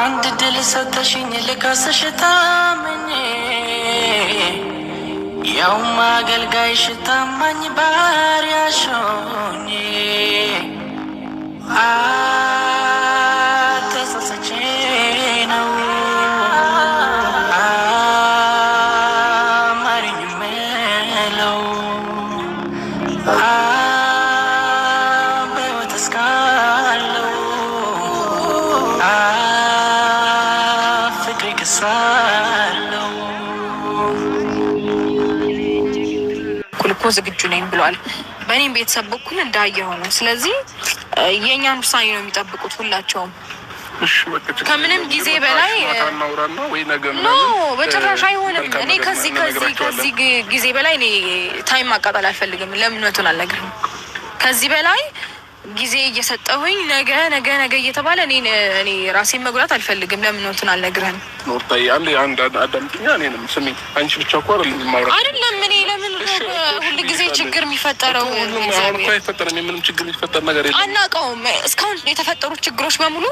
አንድ ድል ሰተሽኝ ልካስሽ ታምኜ ያውም አገልጋይሽ ታማኝ ባሪያሽ ሆኜ ደግሳለሁ። ዝግጁ ነኝ ብለዋል። በእኔም ቤተሰብ በኩል እንዳየው ነው። ስለዚህ የእኛን ውሳኔ ነው የሚጠብቁት ሁላቸውም። ከምንም ጊዜ በላይ ኖ በጭራሽ አይሆንም። እኔ ከዚህ ከዚህ ከዚህ ጊዜ በላይ እኔ ታይም ማቃጠል አልፈልግም። ለምነቱን አልነግርም ከዚህ በላይ ጊዜ እየሰጠሁኝ ነገ ነገ ነገ እየተባለ እኔ እኔ ራሴን መጉዳት አልፈልግም። ለምን እንትን አልነግረህም? ኖርታዬ አንድ አንድ አዳምጥኛ። እኔንም ስሚ። አንቺ ብቻ እኮ አይደለም እኔ ለምን ሁሉ ጊዜ ችግር የሚፈጠረው አይፈጠርም። የምንም ችግር የሚፈጠር ነገር የለም። አናውቀውም። እስካሁን የተፈጠሩት ችግሮች በሙሉ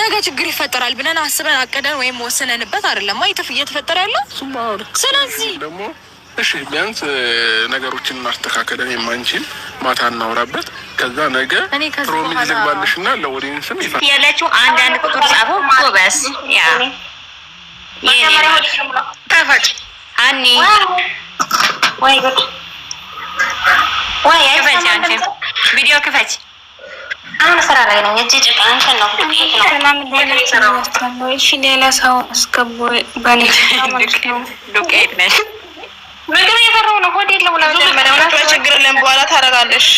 ነገ ችግር ይፈጠራል ብለን አስበን አቀደን ወይም ወስነንበት አይደለም እየተፈጠረ ያለው ስለዚህ ደግሞ እሺ ቢያንስ ነገሮችን ማስተካከለን የማንችል ማታ እናውራበት። ከዛ ነገ ፕሮሚዝ ልግባልሽ እና ለወዲንስም ያለችው አንዳንድ ቁጥር ጻፎ ጎበስ ተፈጭ አኒ ቪዲዮ ክፈች። አሁን ስራ ላይ ነኝ። እጅ ጭቃ እንትን ነው ሌላ ሰው አስገቡ በኔ ዱቄት ነሽ ምግብ እየሰራሁ ነው። ሆዴ ለሙላ ችግር የለም። በኋላ ታረጋለሽ።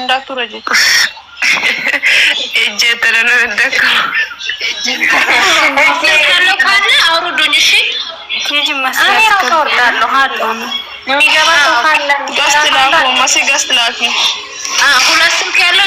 እንዳትረጂ እጄ ተለነደኩ ያለው ካለ አውርዱኝ። እሺ ሁለት ስልክ ያለው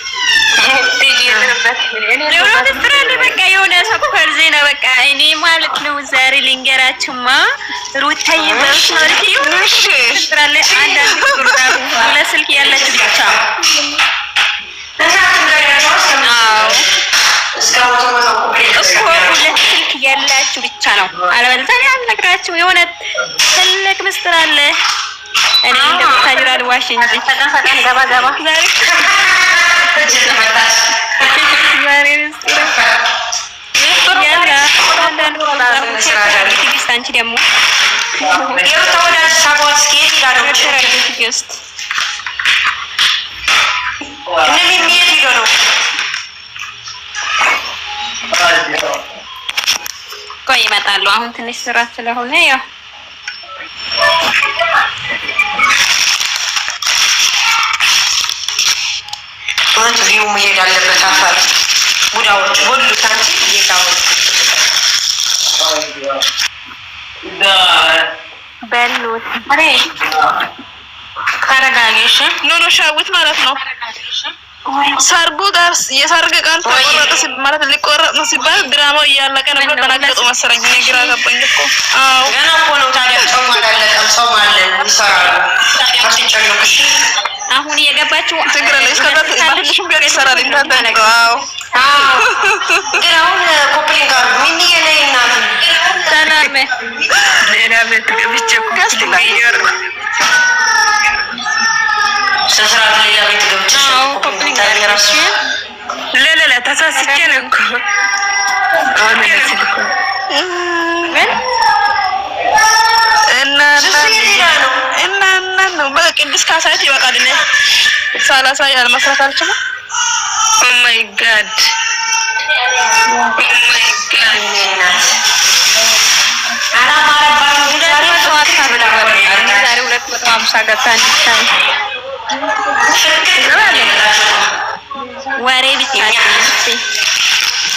የሆነ ሰኮር ዜና በቃ እኔ ማለት ነው ዛሬ ልንገራችሁማ ሩታዬ ስልክ ያለችው ብቻ እኮ ሁለት ስልክ ያላችሁ ብቻ ነው። አለበለዚያ አልነግራችሁም። የሆነ ትልቅ ምስጢር አለ። እኔ እንደ ቦታ ጅራል ዋሽንግተን አንቺ ደግሞ ቆይ ይመጣሉ። አሁን ትንሽ ስራ ስለሆነ ያው ሬስቶራንት ቪው መሄድ አለበት። አፈር ቡዳዎች ሁሉ ታንቺ ጌታዎች በሉት ሬ ተረጋጊሽ። ኑኑ ማለት ነው። ሰርጉ ጋር የሰርግ ቀን ተቆረጠ ማለት ሊቆረጥ ነው ሲባል ድራማው እያለቀ ነው ተናገጡ መሰለኝ። እኔ ግራ ገባኝ እኮ። አዎ ገና እኮ ነው። ታዲያ ሰው ማለት ሰው ማለት ይሰራሉ። አትጨነቁ እሺ አሁን እየገባችው ችግር ቢሆን ይሰራል። እንዳንተ ተሳስቼ ነው እኮ ቅዱስ ካሳየት ይበቃል። እኔ ሰላሳ ያህል መስራት አልችልም። ኦማይ ጋድ ጋድ ወሬ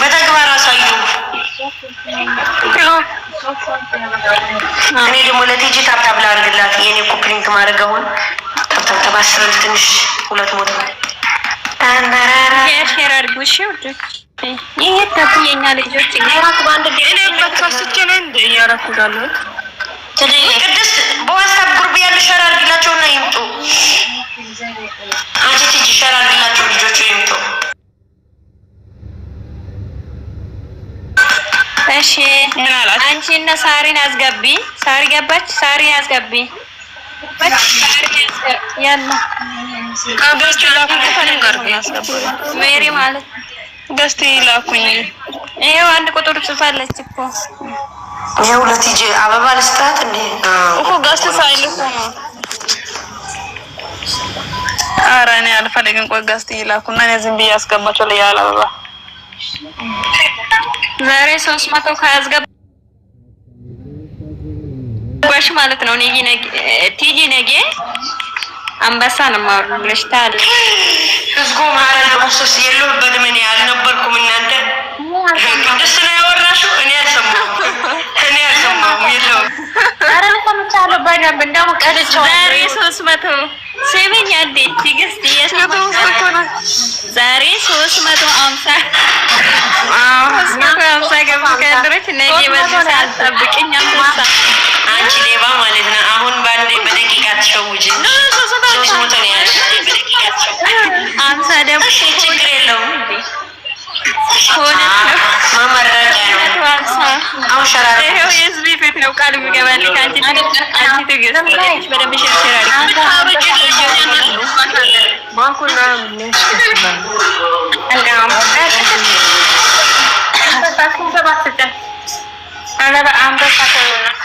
በተግባር አሳዩ። እኔ ደግሞ ለቲጂ ታብታብ ላድርግላት የኔ ኮፕሊንክ ማድረግ አሁን ሰው ባስብል ትንሽ ሁለት ሞት እሺ አንቺ እና ሳሪን አስገቢ። ሳሪ ገባች። ሳሪ አስገቢ ሜሪ ማለት ገዝቴ ላኩኝ። ይሄው አንድ ቁጥር ጽፋለች እኮ ይሄው ለቲጂ አበባ ልስጣት እንዴ እኮ ገዝት ሳይልኩ ነው። ኧረ እኔ አልፈልግም። ቆይ ገዝቴ ላኩና እኔ ዝም ብዬ አስገባቸው ላይ አበባ ዛሬ ሶስት መቶ ከያዝገባ ማለት ነው። ቲጂ ነጌ አንበሳ ነው ማሩልሽ ታል ህዝቡ ማረን ቁሱስ የለሁበትም። እኔ አልነበርኩም። እናንተ ቅድስት ነው ያወራሽው። እኔ አልሰማሁም። እኔ አልሰማሁም። የለሁም። ቀልቻው ዛሬ ሶስት መቶ ስሚኝ አንዴ ዛሬ ሶስት መቶ አምሳ አዎ አምሳ ገብቶ ከድረች ነገ በዚህ ሰዓት ጠብቅኝ አምሳ አንቺ ሌባ ማለት ነው። አሁን በአንዴ በደቂቃ ትሸውጅ። ሶስት መቶ ነው ያልሽ። በደቂቃ ትሸውጅ። አምሳ ደግሞ ችግር የለውም መመረቂያ ነው።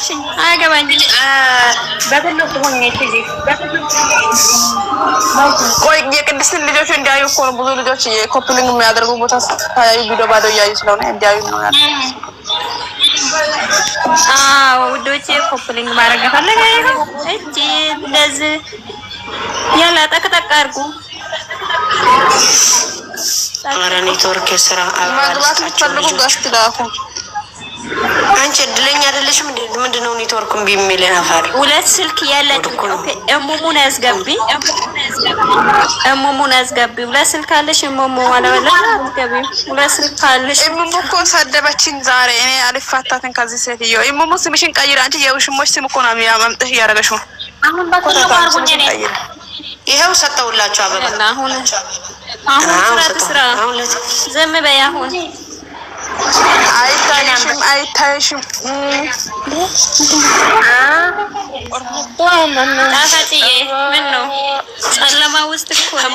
አልሽኝ አያገባኝም። በትምህርት ሆኜ ቆይ የቅድስትን ልጆች እንዲያዩ እኮ ነው። ብዙ ልጆች የኮፕሊንግ የሚያደርጉ ቦታ ሳያዩ ቪዲዮ ባዶ እያዩ ስለሆነ እንዲያዩ ነው ያለ። አዎ ውዶቼ፣ ኮፕሊንግ ማድረግ ከፈለገ ይኸው እጅ እንደዚህ ያለ ጠቅጠቅ አድርጉ። ኧረ ኔትወርክ የስራ መግባት የምትፈልጉ ጋር ስትላኩ አንቺ እድለኛ አይደለሽም። ምንድን ነው ኔትወርኩን ቢሚል ነፋሪ ሁለት ስልክ ያለን እሙሙን ያስገቢ፣ እሙሙን ያስገቢ። ሁለት ስልክ አለሽ እሙሙ አለበለ አስገቢ። ሁለት ስልክ አለሽ እሙሙ እኮ ሰደበችን ዛሬ። እኔ አልፋታትን ከዚህ ሴትዮ። እሙሙ ስምሽን ቀይር። አንቺ የውሽሞች ስም እኮ ነው የሚያመምጥሽ ነው። አሁን በትልቁ አርጉኝ። እኔ ይኸው ሰጠውላቸው አበባ። አሁን አሁን ስራ ትስራ። ዝም በይ አሁን Alper'im, Alper'im. Ne? Ah. Orada ben ben. d